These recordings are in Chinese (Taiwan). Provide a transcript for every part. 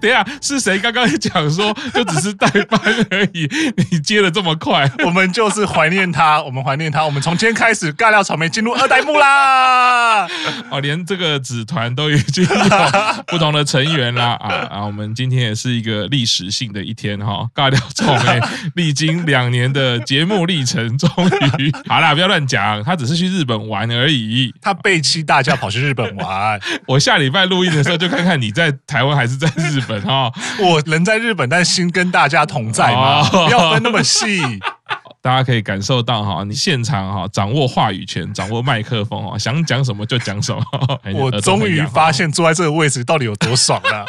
等一下是誰剛剛講說就只是代班而已？你接得這麼快，我們就是懷念他，我們懷念他，我們從今天開始尬聊草莓進入二代目啦！哦，連這個子團都已經有不同的成員啦啊啊！我們今天也是一個歷史性的一天哈，尬聊草莓歷經兩年的節目歷程，終於好啦，不要亂講，他只是去日本玩而已。他背棄大家跑去日本玩，我下禮拜錄音的時候就看看你在台灣還是在。 日本哈，哦、我人在日本，但心跟大家同在嘛，哦、不要分那麼細。 大家可以感受到哈，你現場哈，掌握話語權，掌握麥克風哈，想講什麼就講什麼。 我終於發現坐在這個位置到底有多爽了，啊，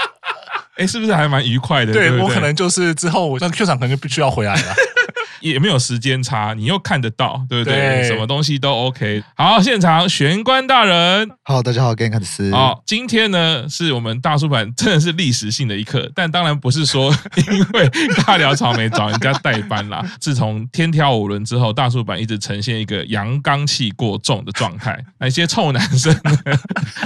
哎，是不是還蠻愉快的？對、對、對，我可能就是之後，我那 Q 場可能就必須要回來了。 也沒有時間差，你又看得到，對不對？對什麼東西都 OK。好，現場玄關大人，好，大家好，給你看 e 好，今天呢是我們大叔坂真的是歷史性的一刻，但當然不是說因為大遼草沒找人家代班啦。自 從天挑五輪之後，大叔坂一直呈現一個陽剛氣過重的狀態，那些臭男生呢，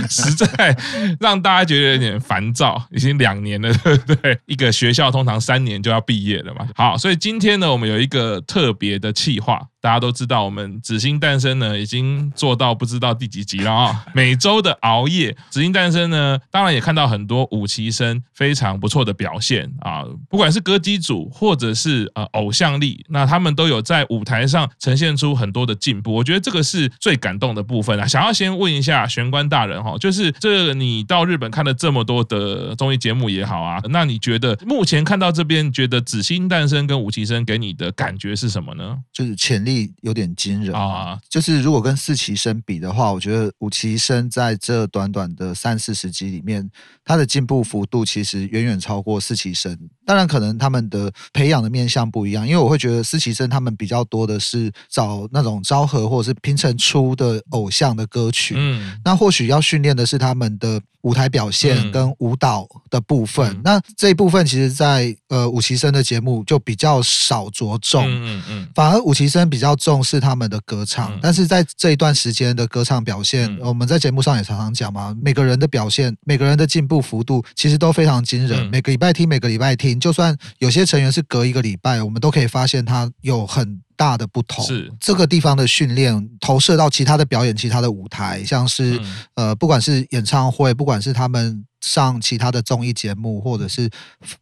實在讓大家覺得有點煩躁。已經兩年了，對不對？一個學校通常三年就要畢業了嘛。好，所以今天呢，我們有一個。呃，特別的企劃。大家都知道，我們《紫星誕生》呢已經做到不知道第幾集了啊、哦！每週的熬夜，《紫星誕生》呢，當然也看到很多五期生非常不錯的表現啊，不管是歌姬組或者是呃偶像力，那他們都有在舞台上呈現出很多的進步。我覺得這個是最感動的部分啊！想要先問一下玄關大人哈、哦，就是這你到日本看了這麼多的綜藝節目也好啊，那你覺得目前看到這邊，覺得《紫星誕生》跟五期生給你的感覺是什麼呢？就是潛力。有點驚人啊！就是如果跟四期生比的話，我覺得五期生在這短短的三四十集裡面，他的進步幅度其實遠遠超過四期生。當然，可能他們的培養的面向不一樣，因為我會覺得四期生他們比較多的是找那種昭和或者是平成初的偶像的歌曲，那或許要訓練的是他們的。舞台表現跟舞蹈的部分，嗯、那這一部分其實在，在呃五期生的節目就比較少着重，嗯嗯，嗯嗯反而五期生比較重視他們的歌唱。嗯、但是在這一段時間的歌唱表現，嗯、我們在節目上也常常講嘛，每個人的表現，每個人的進步幅度，其實都非常驚人。嗯、每個禮拜聽，每個禮拜聽，就算有些成員是隔一個禮拜，我們都可以發現他有很。大的不同，是這個地方的訓練投射到其他的表演，其他的舞台，像是、嗯、呃，不管是演唱會，不管是他們上其他的綜藝節目，或者是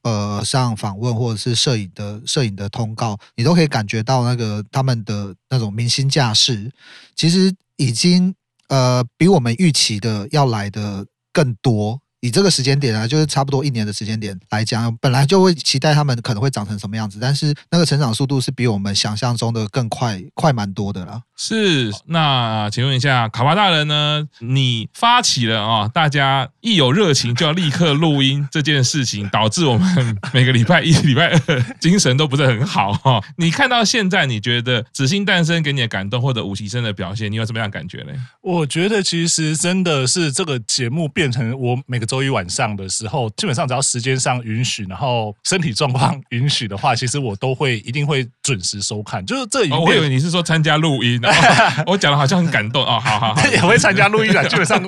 呃上訪問，或者是攝影的攝影的通告，你都可以感覺到那個他們的那種明星架勢，其實已經呃比我們預期的要來的更多。以這個時間點啊，就是差不多一年的時間點來講，本來就會期待他們可能會長成什麼樣子，但是那個成長速度是比我們想象中的更快，快蠻多的啦。是，那請問一下卡巴大人呢？你發起了啊、哦，大家一有熱情就要立刻錄音這件事情，導致我們每個禮拜一禮拜二精神都不是很好哈、哦。你看到現在，你覺得紫星誕生給你的感動，或者五期生的表現，你有什麼樣的感覺呢？我覺得其實真的是這個節目變成我每個。週一晚上的時候，基本上只要時間上允許，然後身體狀況允許的話，其實我都會一定會準時收看。就是這、哦，我以為你是說參加錄音，然後 我講的好像很感動啊、哦！好好，好，也會參加錄音的。基本上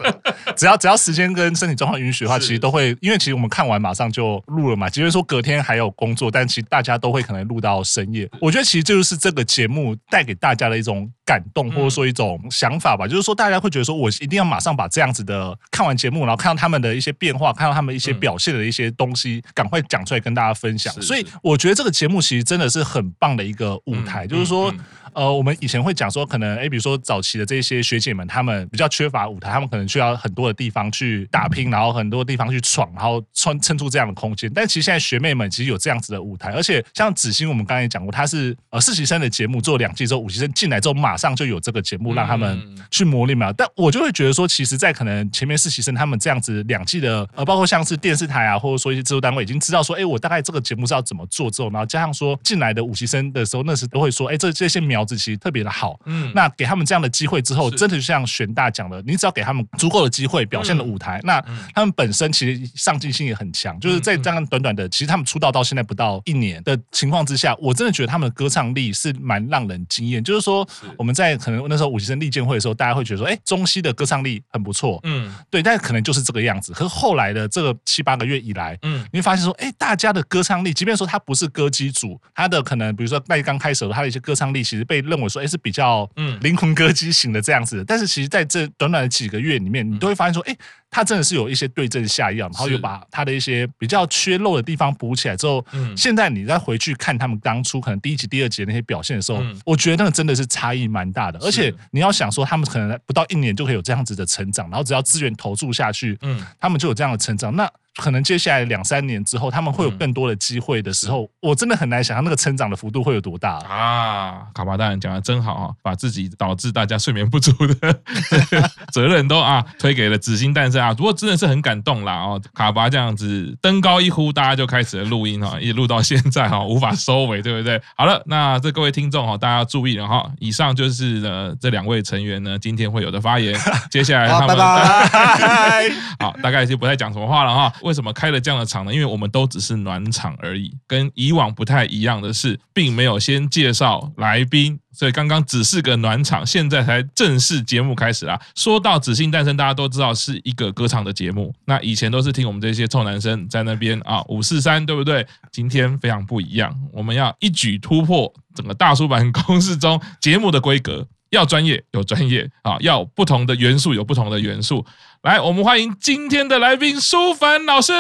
只要只要時間跟身體狀況允許的話，是其實都會。因為其實我們看完馬上就錄了嘛，即便說隔天還有工作，但其實大家都會可能錄到深夜。我覺得其實這就是這個節目帶給大家的一種感動，或者說一種想法吧。嗯、就是說大家會覺得，說我一定要馬上把這樣子的看完節目，然後看到他們的一些。變化，看到他們一些表現的一些東西，嗯、趕快講出來跟大家分享。所以我覺得這個節目其實真的是很棒的一個舞台，嗯、就是說。嗯嗯嗯呃，我們以前會講說，可能哎，比如說早期的這些學姐們，他們比較缺乏舞台，他們可能需要很多的地方去打拼，然後很多地方去闖，然後穿撐出這樣的空間。但其實現在學妹們其實有這樣子的舞台，而且像子欣，我們剛才講過，他是呃四期生的節目做兩季之後，五期生進來之後馬上就有這個節目讓他們去磨練嘛。嗯、但我就會覺得說，其實，在可能前面四期生他們這樣子兩季的，呃，包括像是電視台啊，或者說一些制作單位已經知道說，哎，我大概這個節目是要怎麼做之後，然後加上說進來的五期生的時候，那時都會說，哎，這這些苗。早期特別的好，嗯，那給他們這樣的機會之後，是 真的就像玄大講的，你只要給他們足夠的機會、表現的舞台，嗯、那他們本身其實上進心也很強。嗯、就是在這樣短短的，其實他們出道到現在不到一年的情況之下，我真的覺得他們的歌唱力是蠻讓人驚豔。就是說，我們在可能那時候五期生利見會的時候，大家會覺得說，哎，中西的歌唱力很不錯，嗯，對。但是可能就是這個樣子。可是後來的這個七八個月以來，嗯，你會發現說，哎，大家的歌唱力，即便說他不是歌姬組，他的可能比如說那剛開始的他的一些歌唱力，其實。被認為說，哎、欸，是比較嗯靈魂歌姬型的這樣子的。嗯、但是，其實在這短短的幾個月裡面，你都會發現說，哎、欸，他真的是有一些對症下藥，然後又把他的一些比較缺漏的地方補起來之後，嗯，現在你再回去看他們當初可能第一集、第二集的那些表現的時候，嗯、我覺得那個真的是差異蠻大的。嗯、而且你要想說，他們可能不到一年就可以有這樣子的成長，然後只要資源投注下去，嗯，他們就有這樣的成長，那。可能接下來兩三年之後，他們會有更多的機會的時候，嗯、我真的很難想象那個成長的幅度會有多大啊，啊！卡巴大人講得真好啊、哦，把自己導致大家睡眠不足的 責任都啊推給了紫星誕生啊！不過真的是很感動啦、哦、卡巴這樣子登高一呼，大家就開始錄音、哦、一錄到現在哈、哦，無法收尾，對不對？好了，那這各位聽眾哈、哦，大家要注意了哈、哦，以上就是呢這兩位成員呢今天會有的發言，接下來他們 拜拜， 好，大概就不太講什麼話了哈、哦。為什麼開了這樣的場呢？因為我們都只是暖場而已，跟以往不太一樣的是，並沒有先介紹來賓，所以剛剛只是個暖場，現在才正式節目開始啦。說到《紫星誕生》，大家都知道是一個歌唱的節目，那以前都是聽我們這些臭男生在那邊啊，五四三，對不對？今天非常不一樣，我們要一舉突破整個大叔坂工事中節目的規格。要專業有專業啊，要有不同的元素有不同的元素。來，我們歡迎今天的來賓書帆老師。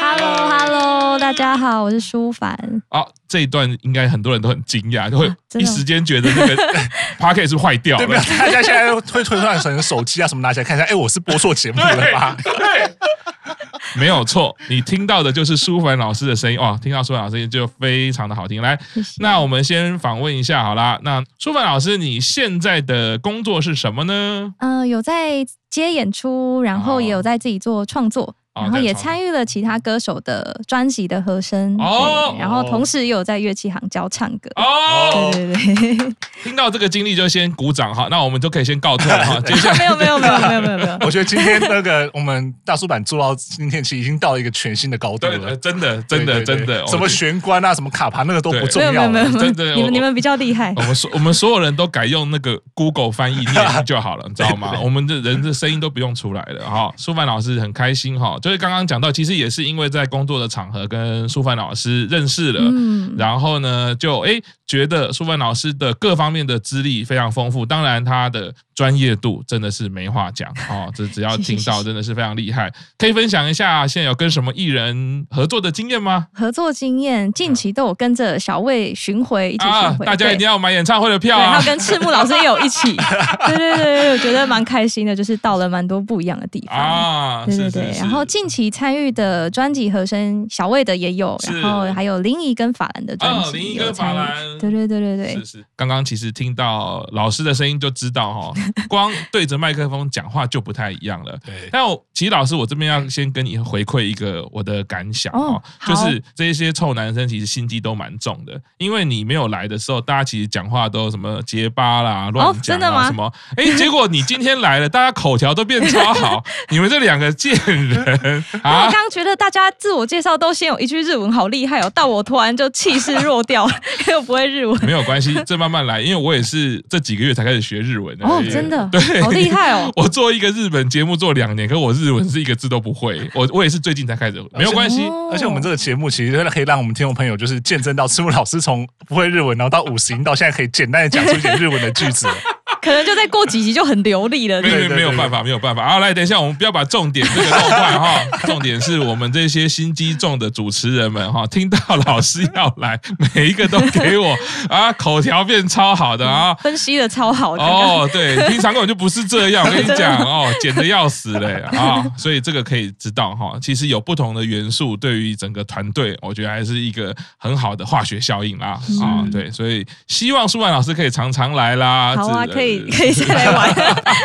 Hello Hello，大家好，我是書帆。啊，這一段應該很多人都很驚訝，就、啊、會一時間覺得那、這個 Podcast 是壞掉了。大家現在會推算成手機啊什麼拿起來看一下，哎、欸，我是播錯節目了嗎？對對。 沒有錯，你聽到的就是書帆老師的聲音。哇，聽到書帆老師聲音就非常的好聽。來， 那我們先訪問一下好了。那書帆老師，你現在的工作是什麼呢？嗯、呃，有在接演出，然後也有在自己做創作。哦然後也參與了其他歌手的專輯的和聲，然後同時也有在樂器行教唱歌。哦，對對對，聽到這個經歷就先鼓掌哈。那我們就可以先告退哈。沒有沒有沒有沒有沒有沒有。我覺得今天那個我們大叔坂做到今天，其實已經到一個全新的高度了。真的真的真的，什麼玄關啊，什麼卡盤那個都不重要。沒有沒有沒有，你們你們比較厲害。我們我們所有人都改用那個 Google 翻譯念就好了，你知道嗎？我們的人的聲音都不用出來了哈。書帆老師很開心哈。所以，剛剛講到，其實也是因為在工作的場合，跟書帆老師認識了，嗯、然後呢，就哎覺得書帆老師的各方面的資歷非常豐富，當然她的。專業度真的是沒話講啊！這只要聽到真的是非常厲害，可以分享一下現在有跟什麼藝人合作的經驗嗎？合作經驗近期都有跟着小魏巡迴一起巡迴，大家一定要買演唱會的票啊！然後跟赤木老師也有一起，對對對，我覺得蠻開心的，就是到了蠻多不一樣的地方。啊，對對對。然後近期參與的專輯和聲，小魏的也有，然後還有林怡跟法蘭的專輯，林怡跟法蘭，對對對對對，是是。剛剛其實聽到老師的聲音就知道哈。光對着麥克風講話就不太一樣了。對，但我其實老師，我這邊要先跟你回饋一個我的感想、哦哦、就是這些臭男生其實心機都蠻重的。因為你沒有來的時候，大家其實講話都什麼結巴啦、亂講、哦、啊真的嗎？什麼。哎、欸，結果你今天來了，大家口條都變超好。 你們這兩個賤人、 啊、我剛剛覺得大家自我介紹都先有一句日文，好厲害哦。到我突然就氣勢弱掉，因為我不會日文。沒有關係，這慢慢來，因為我也是這幾個月才開始學日文的、哦。欸真的，對，好厲害哦！我做一個日本節目做兩年，可我日文是一個字都不會，我我也是最近才開始，沒有關係而。而且我們這個節目其實真的可以讓我們聽眾朋友就是見證到赤木老師從不會日文，然後到五十音，到現在可以簡單的講出一點日文的句子。 可能就再過幾集就很流利了，對，沒有辦法，沒有辦法。啊，來，等一下，我們不要把重點給弄亂哈。重點是我們這些心機重的主持人們哈，聽到老師要來，每一個都給我啊，口條變超好的啊、嗯，分析的超好的哦。對，平常根本就不是這樣，我跟你講哦，剪的要死嘞啊、哦。所以這個可以知道哈、哦，其實有不同的元素對於整個團隊，我覺得還是一個很好的化學效應啦。啊、嗯哦，對，所以希望書帆老師可以常常來啦。好啊，呃、可以。可以先來玩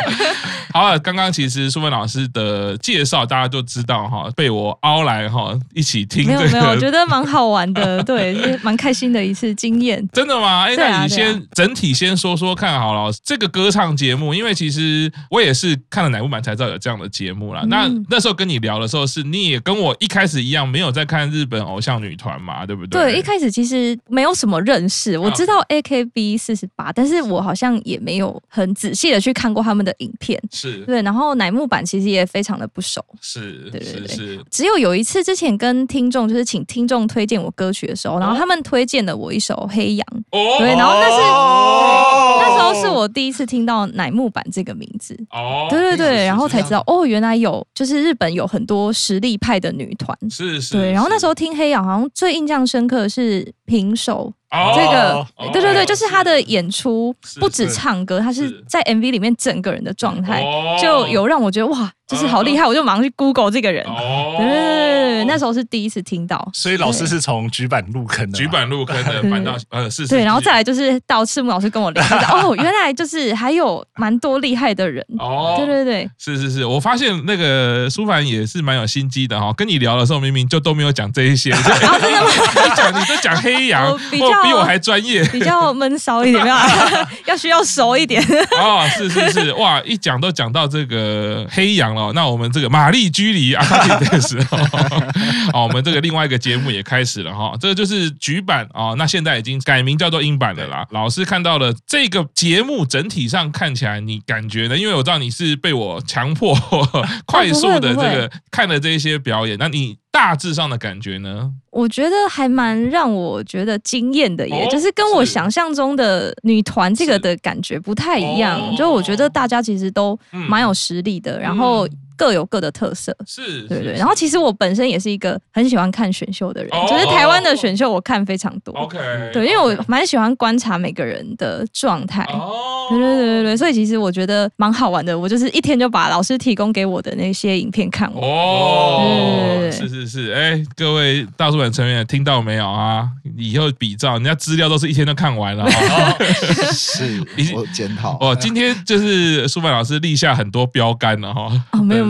好、啊。好了，剛剛其實書帆老師的介紹，大家就知道哈，被我凹來哈，一起聽沒、這個、沒有沒有，我覺得蠻好玩的， 對，蠻開心的一次經驗。真的嗎？哎、欸，啊、那你先、啊、整體先說說看好了，這個歌唱節目，因為其實我也是看了乃木坂才知道有這樣的節目啦。嗯、那那時候跟你聊的時候，是你也跟我一開始一樣，沒有在看日本偶像女團嘛，對不對？對，一開始其實沒有什麼認識，我知道 AKB 四十八，但是我好像也沒有。很仔細的去看過他們的影片，是對，然後乃木坂其實也非常的不熟，是，對對對，是是只有有一次之前跟聽眾就是請聽眾推薦我歌曲的時候，然後他們推薦了我一首《黑羊》，哦、對，然後那是對、哦、對，那時候是我第一次聽到乃木坂這個名字，哦，對對對，然後才知道是是是哦，原來有就是日本有很多實力派的女團，是，是是，對，然後那時候聽《黑羊》好像最印象深刻的是平手。Oh, 這個 oh, oh, 對對對，oh, oh, 就是他的演出 is, 不止唱歌，is, is, 他是在 MV 裡面整個人的狀態，oh, 就有讓我覺得哇，就是好厲害，uh, uh, 我就馬上去 Google 這個人。Oh, 對對對。那時候是第一次聽到，所以老師是從欅坂入坑的，欅坂入坑的，搬到呃，是對，然後再來就是到赤木老師跟我聊，哦，原來就是還有蠻多厲害的人哦，對對對，是是是，我發現那個書帆也是蠻有心機的哈，跟你聊的時候明明就都沒有講這一些，然後真的嗎？你講你都講黑羊，比較比我還專業，比較悶騷一點，要需要熟一點，啊是是是，哇，一講都講到這個黑羊了，那我們這個瑪麗居里啊的時候。好、 哦，我們這個另外一個節目也開始了哈，這就是局版啊。哦，那現在已經改名叫做英版的啦。對老師看到了這個節目整體上看起來，你感覺呢？因為我知道你是被我強迫呵呵快速的這個、哦、不會不會看了這一些表演，那你大致上的感覺呢？我覺得還蠻讓我覺得驚艷的耶，哦、就是跟我想象中的女團這個的感覺不太一樣，是哦、就我覺得大家其實都蠻有實力的，嗯、然後。各有各的特色，是對對。然後其實我本身也是一個很喜歡看選秀的人，就是台灣的選秀我看非常多。OK，對，因為我蠻喜歡觀察每個人的狀態。哦，對對對對對，所以其實我覺得蠻好玩的。我就是一天就把老師提供給我的那些影片看完。哦，是是是，哎，各位大叔坂成員聽到沒有啊？以後比照人家資料都是一天都看完了。是，我檢討。哦，今天就是書帆老師立下很多標杆了哈。哦，沒有。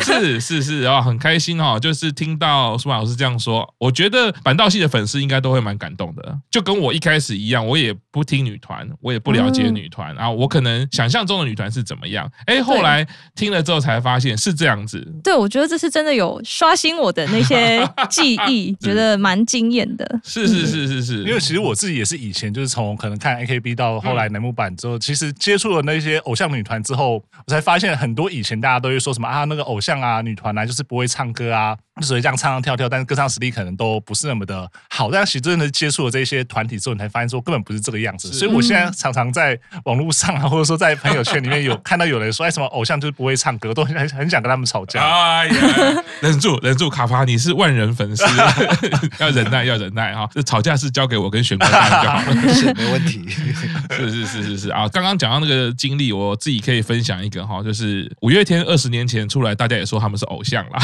是是是啊，哦，很開心哈，哦，就是聽到蘇馬老師這樣說，我覺得坂道系的粉絲應該都會蠻感動的，就跟我一開始一樣，我也不聽女團，我也不了解女團，嗯、然後我可能想象中的女團是怎麼樣，哎、嗯，後來聽了之後才發現對是這樣子。對，我覺得這是真的有刷新我的那些記憶， 覺得蠻驚艷的。是是是是是，是是是嗯，因為其實我自己也是以前就是從可能看 AKB 到後來乃木坂之後，嗯，其實接觸了那些偶像女團之後，我才發現很多以前大家都會說什麼啊，那個偶。像啊，女團啊，就是不會唱歌啊。所以這樣唱唱跳跳，但是歌唱實力可能都不是那麼的好。但是其實真的接觸了這些團體之後，你才發現說根本不是這個樣子。是所以我現在常常在網絡上啊，或者說在朋友圈裡面有 看到有人說，哎，什麼偶像就是不會唱歌，都很很想跟他們吵架。Oh, yeah. 忍住，忍住，卡帕，你是萬人粉絲， 要忍耐，要忍耐哈。這吵架是交給我跟玄關，他們就好了， 是沒問題。 是是是是是啊！剛剛講到那個經歷，我自己可以分享一個哈、啊，就是五月天二十年前出來，大家也說他們是偶像啦。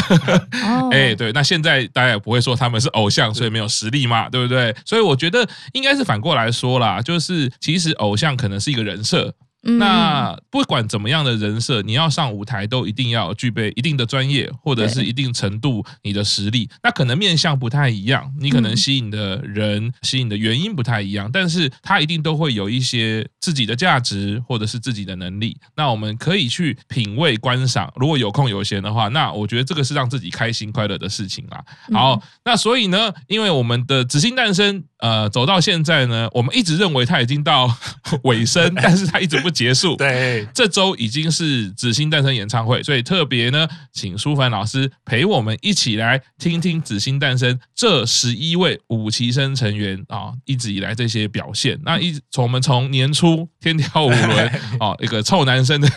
哎、 oh. 欸。對，對，那現在大家也不會說他們是偶像，所以沒有實力嘛，對，對不對？所以我覺得應該是反過來說啦，就是其實偶像可能是一個人設。那不管怎麼樣的人設，你要上舞台都一定要具備一定的專業，或者是一定程度你的實力。對那可能面向不太一樣，你可能吸引的人、嗯、吸引的原因不太一樣，但是它一定都會有一些自己的價值，或者是自己的能力。那我們可以去品味、觀賞。如果有空有閒的話，那我覺得這個是讓自己開心、快樂的事情啦。嗯、好，那所以呢，因為我們的《紫星誕生》呃，走到現在呢，我們一直認為它已經到尾聲，對但是它一直。不結束。對，這週已經是紫星誕生演唱會，所以特別呢，請書帆老師陪我們一起來聽聽紫星誕生這十一位五期生成員啊、哦，一直以來這些表現。那一從我們從年初天挑五輪啊，一個臭男生的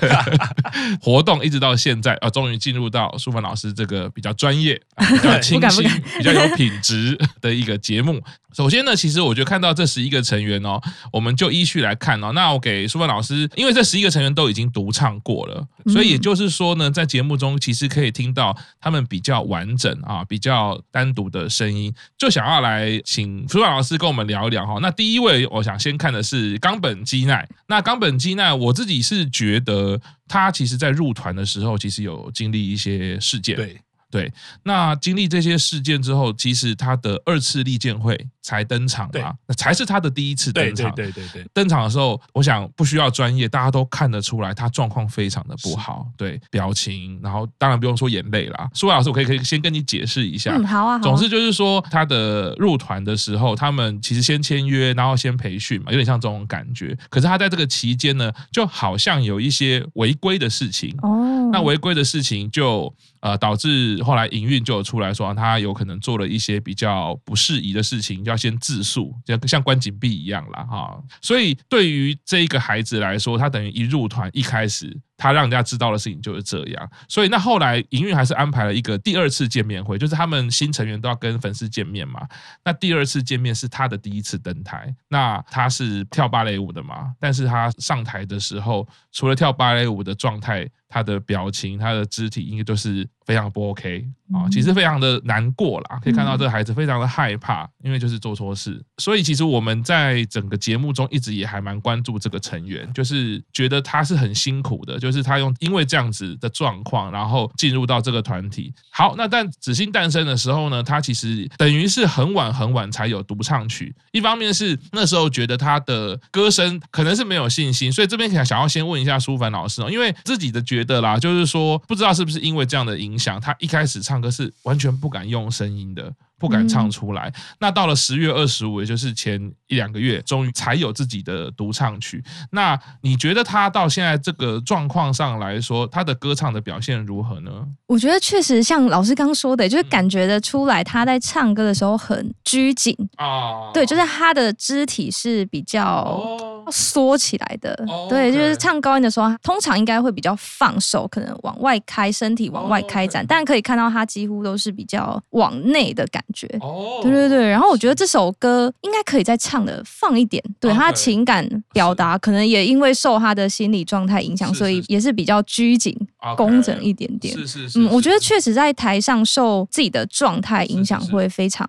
活動，一直到現在啊、哦，終於進入到書帆老師這個比較專業、啊、比較清新、 不敢不敢比較有品質的一個節目。首先呢，其實我就看到這十一個成員哦，我們就依序來看哦。那我給書帆老師，因為這十一個成員都已經獨唱過了，所以也就是說呢，在節目中其實可以聽到他們比較完整啊、比較單獨的聲音。就想要來請書帆老師跟我們聊一聊哈、哦。那第一位，我想先看的是岡本姬奈。那岡本姬奈，我自己是覺得他其實在入團的時候，其實有經歷一些事件。對。對，那經歷這些事件之後，其實他的二次立健會才登場嘛，那對才是他的第一次登場。對對對對，對，對。登場的時候，我想不需要專業，大家都看得出來他狀況非常的不好。是對，表情，然後當然不用說眼淚啦，書帆老師，我可以可以先跟你解釋一下。嗯，好啊。好啊，總之就是說，他的入團的時候，他們其實先簽約，然後先培訓嘛，有點像這種感覺。可是他在這個期間呢，就好像有一些違規的事情。哦那違規的事情就呃、導致後來營運就有出來說他有可能做了一些比較不適宜的事情，要先自肅，就像，像關禁閉一樣啦。哈。所以對於這一個孩子來說，他等於一入團一開始。他讓人家知道的事情就是這樣，所以那後來營運還是安排了一個第二次見面會，就是他們新成員都要跟粉絲見面嘛。那第二次見面是他的第一次登台，那他是跳芭蕾舞的嘛？但是他上台的時候，除了跳芭蕾舞的狀態，他的表情、他的肢體應該都、就是。非常不 OK 啊，其實非常的難過啦，可以看到這個孩子，非常的害怕，因為就是做錯事，所以其實我們在整個節目中一直也還蠻關注這個成員，就是覺得他是很辛苦的，就是他用因為這樣子的狀況，然後進入到這個團體。好，那但紫星誕生的時候呢，他其實等於是很晚很晚才有獨唱曲，一方面是那時候覺得他的歌聲可能是沒有信心，所以這邊想想要先問一下書帆老師哦，因為自己的覺得啦，就是說不知道是不是因為這樣的影。想他一開始唱歌是完全不敢用聲音的，不敢唱出來。嗯。那到了十月二十五，也就是前一兩個月，終於才有自己的獨唱曲。那你覺得他到現在這個狀況上來說，他的歌唱的表現如何呢？我覺得確實像老師剛說的，就是感覺得出來他在唱歌的時候很拘謹啊。嗯。對，就是他的肢體是比較。哦縮起來的，對，就是唱高音的時候，通常應該會比較放手，可能往外開，身體往外開展。但可以看到，他幾乎都是比較往內的感覺。哦，對對對。然後我覺得這首歌應該可以再唱的放一點，對他的情感表達，可能也因為受他的心理狀態影響，所以也是比較拘謹、工整一點點。是是是。嗯，我覺得確實在台上受自己的狀態影響會非常。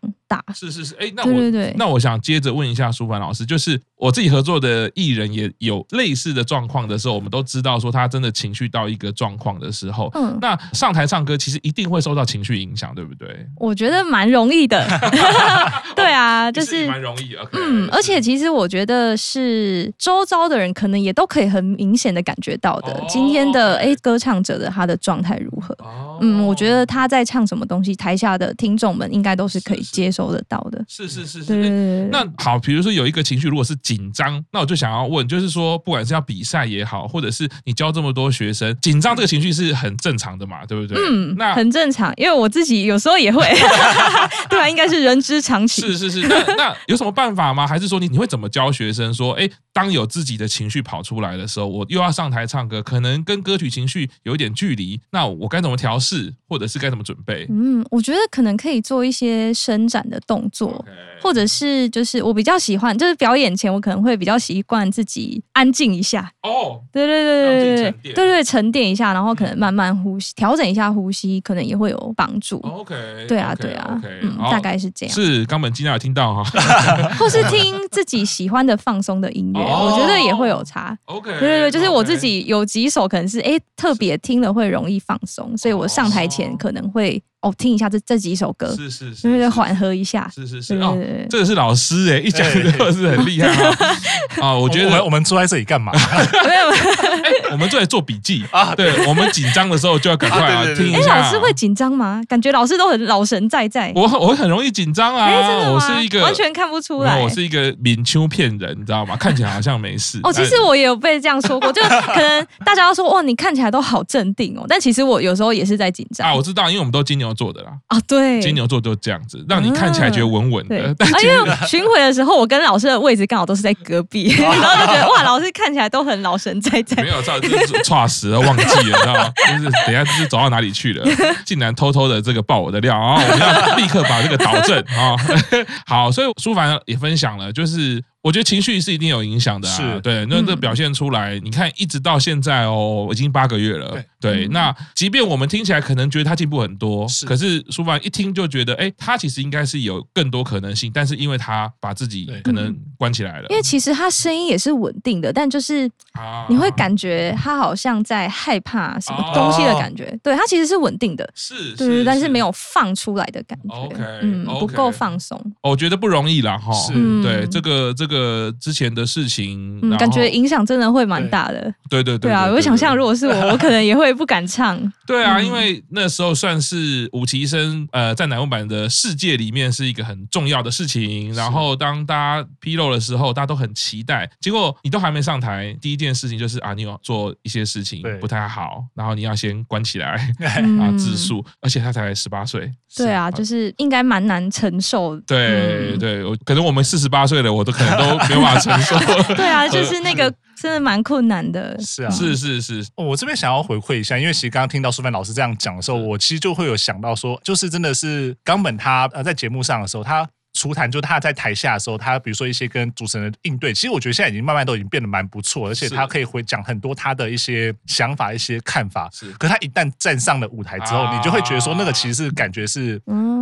是是是，哎、欸，那我對對對那我想接着問一下書帆老師，就是我自己合作的藝人也有類似的狀況的時候，我們都知道說他真的情緒到一個狀況的時候，嗯，那上台唱歌其實一定會受到情緒影響，對不對？我覺得蠻容易的， 對啊，哦、就是蠻容易，okay, 嗯，是而且其實我覺得是周遭的人可能也都可以很明顯的感覺到的，哦、今天的哎、欸、歌唱者的他的狀態如何？哦、嗯，我覺得他在唱什麼東西，台下的聽眾們應該都是可以接受的。夠得到的是是是是，欸、那好，比如說有一個情緒，如果是緊張，那我就想要問，就是說，不管是要比賽也好，或者是你教這麼多學生，緊張這個情緒是很正常的嘛，對不對？嗯，那很正常，因為我自己有時候也會，對吧？應該是人之常情。是是是，那那有什麼辦法嗎？還是說你你會怎麼教學生說？哎、欸。當有自己的情緒跑出來的時候，我又要上台唱歌，可能跟歌曲情緒有一點距離，那我該怎麼調適，或者是該怎麼準備？嗯，我覺得可能可以做一些伸展的動作，或者是就是我比較喜歡，就是表演前我可能會比較習慣自己安靜一下。哦，對對對對對對對，沉澱一下，然後可能慢慢呼吸，調整一下呼吸，可能也會有幫助。OK，對啊對啊，嗯，大概是這樣。是岡本金娜有聽到哈，或是聽自己喜歡的放鬆的音樂。我覺得也會有差，Oh, okay, okay. 對對對，就是我自己有幾首可能是，欸，特別聽了會容易放鬆，是，所以我上台前可能會。哦，聽一下這這幾首歌，是是是，緩和一下，是是是。哦，這個是老師哎，一講課是很厲害啊。我覺得來我們坐在這裡幹嘛？沒有，我們坐在做筆記啊。對，我們緊張的時候就要趕快聽。哎，老師會緊張嗎？感覺老師都很老神在在。我我很容易緊張啊。真的嗎？我是一個。完全看不出來。我是一個明秋騙人，你知道嗎？看起來好像沒事。哦，其實我也有被這樣說過，就可能大家都說哇，你看起來都好鎮定哦，但其實我有時候也是在緊張啊。我知道，因為我們都是金做的啦啊，對，金牛座就這樣子，讓你看起來覺得穩穩的。而且巡迴的時候，我跟老師的位置剛好都是在隔壁，然後就覺得哇，老師看起來都很老神在在。沒有，差主差時忘記了，知道嗎？就是等下，就是走到哪裡去了，竟然偷偷的這個爆我的料啊！我要立刻把這個導正啊！好，所以書帆也分享了，就是我覺得情緒是一定有影響的，是。對，那這個表現出來，你看一直到現在哦，已經八個月了。對，那即便我們聽起來可能覺得他進步很多，可是書帆一聽就覺得，哎，他其實應該是有更多可能性，但是因為他把自己可能關起來了。因為其實他聲音也是穩定的，但就是你會感覺他好像在害怕什麼東西的感覺。對，他其實是穩定的，是，對，但是沒有放出來的感覺，嗯，不夠放鬆。我覺得不容易啦哈，是，對，這個這個之前的事情，感覺影響真的會蠻大的。對對對，對啊，我想象如果是我，我可能也會。不敢唱，對啊，嗯、因為那時候算是五期生，呃，在乃木坂的世界裡面是一個很重要的事情。然後當大家披露的時候，大家都很期待。結果你都還沒上台，第一件事情就是啊，你要做一些事情不太好，對然後你要先關起來啊，自肅對。而且他才十八歲，對啊，是啊，就是應該蠻難承受。對、嗯、對，對，可能我們四十八歲了，我都可能都沒法承受。 對啊，就是那個。真的蠻困難的，是啊，嗯、是是是，哦、我這邊想要回饋一下，因為其實剛剛聽到書帆老師這樣講的時候，我其實就會有想到說，就是真的是岡本他呃在節目上的時候他。除台就他在台下的時候，他比如說一些跟主持人的應對，其實我覺得現在已經慢慢都已經變得蠻不錯，而且他可以回講很多他的一些想法、一些看法。可是，他一旦站上了舞台之後，你就會覺得說，那個其實是感覺是，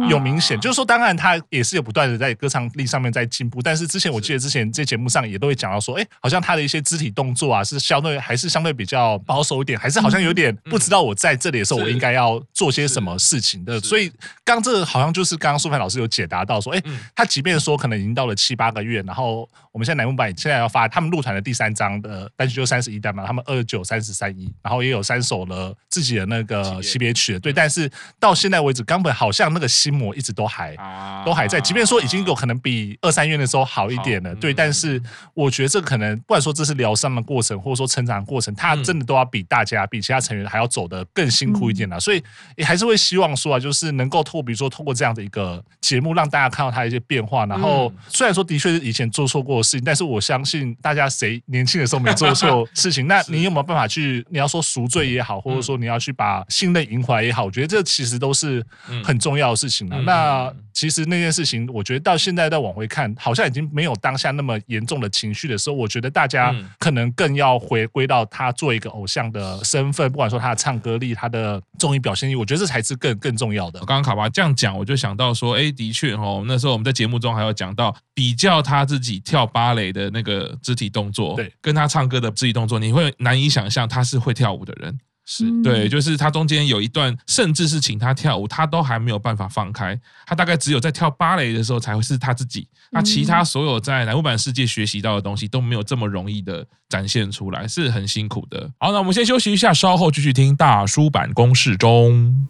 有明顯，就是說，當然他也是有不斷的在歌唱力上面在進步，但是之前我記得之前在節目上也都會講到說，哎，好像他的一些肢體動作啊，是相對還是相對比較保守一點，還是好像有點不知道我在這裡的時候，我應該要做些什麼事情的。所以剛剛這個好像就是剛剛書帆老師有解答到說，哎，他即便說可能已經到了七八個月，然後。我們現在乃木坂現在要發他們入團的第三張的單曲，就三十一單嘛，他們二九三十三一，然後也有三首了自己的那個惜別曲對，但是到現在為止，岡本好像那個心魔一直都還、啊、都還在，即便說已經有可能比二三月的時候好一點了，嗯、對，但是我覺得這個可能不管說這是療傷的過程，或者說成長的過程，他真的都要比大家、嗯、比其他成員還要走得更辛苦一點了，嗯、所以也還是會希望說啊，就是能夠，透，比如說透過這樣的一個節目，讓大家看到他一些變化，然後雖然說的確是以前做錯過的。但是我相信大家誰年輕的時候沒做錯事情 是？那你有沒有辦法去？你要說贖罪也好，嗯、或者說你要去把信任贏回來也好，我覺得這其實都是很重要的事情、嗯、那其實那件事情，我覺得到現在再往回看，好像已經沒有當下那麼嚴重的情緒的時候，我覺得大家可能更要回歸到他做一個偶像的身份，嗯、不管說他的唱歌力，他的。綜藝表現力，我覺得這才是更更重要的。我剛剛卡巴這樣講，我就想到說，哎、欸，的確哦，那時候我們在節目中還有講到，比較他自己跳芭蕾的那個肢體動作，對，跟他唱歌的肢體動作，你會難以想象他是會跳舞的人。是對，就是他中間有一段，甚至是請他跳舞，他都還沒有辦法放開。他大概只有在跳芭蕾的時候，才會是他自己。那其他所有在乃木坂世界學習到的東西，都沒有這麼容易的展現出來，是很辛苦的。好，那我們先休息一下，稍後繼續聽大叔坂工事中。